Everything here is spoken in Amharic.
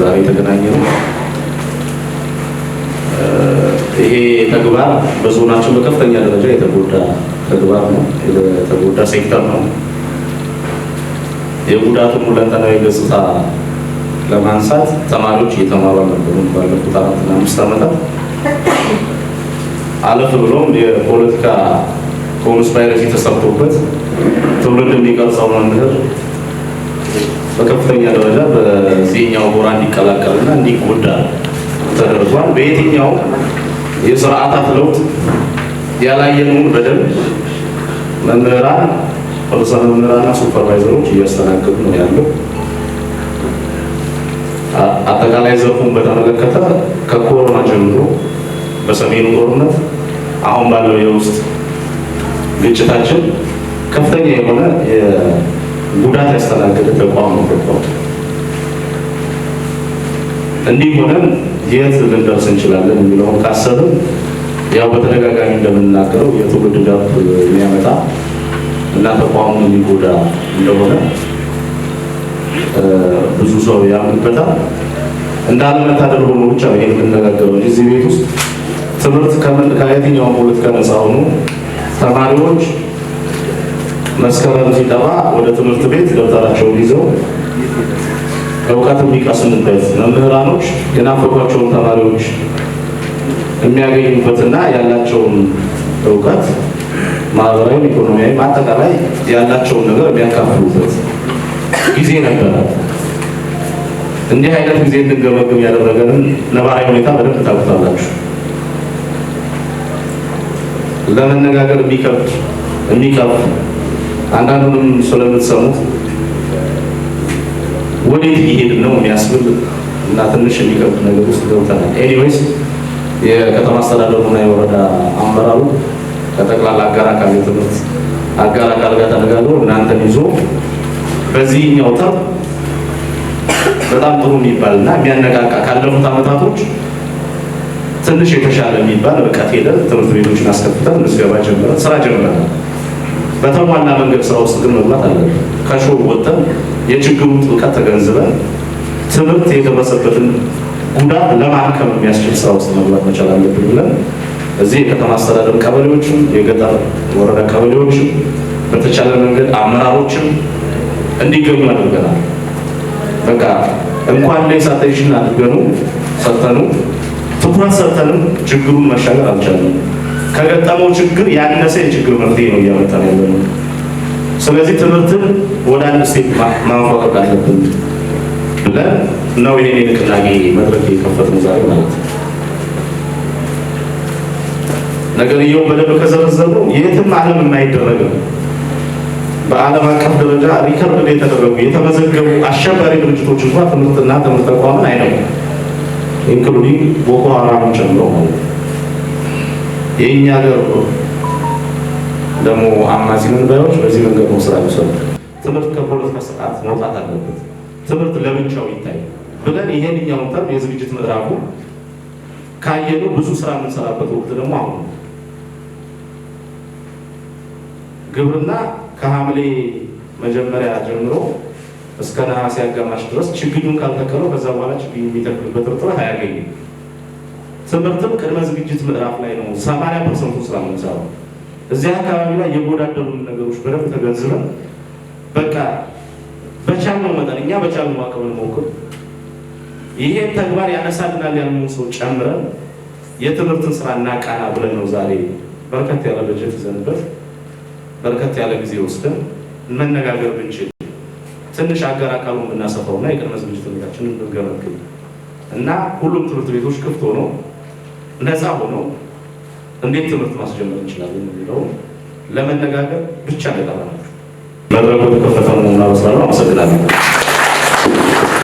ዛሬ የተገናኘ ነው። ይሄ ተግባር በዞናችን በከፍተኛ ደረጃ የተጎዳ ተግባር ነው፣ የተጎዳ ሴክተር ነው። የጉዳቱን ሁለንተናዊ ገጽታ ለማንሳት ተማሪዎች እየተማሩ አልነበሩ ባለፉት አራትና አምስት ዓመታት አለፍ ብሎም የፖለቲካ ኮንስፓይረሲ ተሰርቶበት ትውልድ የሚቀርጸው መምህር በከፍተኛ ደረጃ በዚህኛው ጎራ እንዲቀላቀልና እንዲጎዳ ተደርጓል። በየትኛው የስርዓታት ለውጥ ያላየኑን በደንብ መምህራን ርዕሰ መምህራንና ሱፐርቫይዘሮች እያስተናገዱ ነው ያለው። አጠቃላይ ዘርፉን በተመለከተ ከኮሮና ጀምሮ በሰሜኑ ጦርነት አሁን ባለው የውስጥ ግጭታችን ከፍተኛ የሆነ ጉዳት ያስተናገደ ተቋም ነው ገባው። እንዲህ ሆነን የት ልንደርስ እንችላለን የሚለውን ካሰብን ያው በተደጋጋሚ እንደምንናገረው የትውልድ ጋፕ የሚያመጣ እና ተቋሙን የሚጎዳ እንደሆነ ብዙ ሰው ያምንበታል። እንዳለመታደል ሆኖ ብቻ ይሄን የምንነጋገረው እዚህ ቤት ውስጥ ትምህርት ከየትኛውም ፖለቲካ ነፃ ሆኖ ተማሪዎች መስከረም ሲጠባ ወደ ትምህርት ቤት ደብተራቸውን ይዘው እውቀት የሚቀስሙበት መምህራኖች የናፈቋቸውን ተማሪዎች የሚያገኙበትና ያላቸውን እውቀት ማህበራዊ፣ ኢኮኖሚያዊ አጠቃላይ ያላቸውን ነገር የሚያካፍሉበት ጊዜ ነበረ። እንዲህ አይነት ጊዜ እንድንገመግም ያደረገንን ነባራዊ ሁኔታ በደንብ ታውቁታላችሁ። ለመነጋገር የሚከብድ የሚቀፍ አንዳንዱንም ስለምትሰሙት ወዴት እየሄድን ነው የሚያስብል እና ትንሽ የሚከብድ ነገር ውስጥ ገብተናል። ኤኒዌይስ የከተማ አስተዳደሩና የወረዳ አመራሩ ከጠቅላላ አጋር አካል የትምህርት አጋር አካል ጋር ተነጋግሮ እናንተን ይዞ በዚህኛው ተር በጣም ጥሩ የሚባልና የሚያነቃቃ ካለፉት አመታቶች ትንሽ የተሻለ የሚባል ርቀት ሄደ ትምህርት ቤቶችን አስከፍተን ምዝገባ ጀምረን ስራ ጀምረናል። በተሟላ መንገድ ስራ ውስጥ ግን መግባት አለብን። ከሾው ወጥተን የችግሩን ጥልቀት ተገንዝበን ትምህርት የደረሰበትን ጉዳት ለማከም የሚያስችል ስራ ውስጥ መግባት መቻል አለብን ብለን እዚህ የከተማ አስተዳደር ቀበሌዎችም፣ የገጠር ወረዳ ቀበሌዎችም በተቻለ መንገድ አመራሮችም እንዲገኙ አድርገናል። በቃ እንኳን ላይ ሳተሽን አድርገኑ ሰተኑ ትኩረት ሰተንም ችግሩን መሻገር አልቻለም። ከገጠመው ችግር ያነሰ የችግር መፍትሄ ነው እያመጣ ያለ። ስለዚህ ትምህርትን ወደ አንድ ስቴፕ ማንቋቀቅ አለብን ብለን ነው ይሄን የንቅናቄ መድረክ የከፈትነው ዛሬ ማለት ነው። ነገርየው በደንብ ከዘረዘርነው የትም ዓለም የማይደረግ ነው። በዓለም አቀፍ ደረጃ ሪከርድ የተደረጉ የተመዘገቡ አሸባሪ ድርጅቶች እንኳን ትምህርትና ትምህርት ተቋምን አይነው ኢንክሉዲንግ ቦኮ ሀራምን ጨምሮ ማለት ነው። የእኛ ሀገር ደግሞ አማጺ ባዮች በዚህ መንገድ ነው ስራ የሚሰሩት። ትምህርት ከፖለቲካ ስርዓት መውጣት አለበት፣ ትምህርት ለብቻው ይታይ ብለን ይሄንኛው ተርም የዝግጅት ምዕራፉ ካየሉ ብዙ ስራ የምንሰራበት ወቅት ደግሞ አሁን ግብርና ከሐምሌ መጀመሪያ ጀምሮ እስከ ነሐሴ አጋማሽ ድረስ ችግኙን ካልተከለው ከዛ በኋላ ችግኝ የሚተክልበት እርጥረት አያገኝም። ትምህርትም ቅድመ ዝግጅት ምዕራፍ ላይ ነው። ሰማንያ ፐርሰንቱ ስራ ምንሰራው እዚህ አካባቢ ላይ የጎዳደሩ ነገሮች በደንብ ተገንዝበን በቃ በቻልነው መጠን እኛ በቻልነው አቅም እንሞክር። ይሄን ተግባር ያነሳልናል ያልነውን ሰው ጨምረን የትምህርትን ስራ እናቃና ብለን ነው ዛሬ በርከት ያለ በጀት ይዘንበት በርከት ያለ ጊዜ ወስደን መነጋገር ብንችል ትንሽ አገር አካሉን ብናሰፋውና የቅድመ ዝግጅት ሁኔታችንን ብንገመግም እና ሁሉም ትምህርት ቤቶች ክፍት ሆነው ነፃ ሆኖ እንዴት ትምህርት ማስጀመር እንችላለን የሚለው ለመነጋገር ብቻ ነጠራ ናቸው። መድረኩ ተከፈተ መሆኑን አበስራለሁ። አመሰግናለሁ።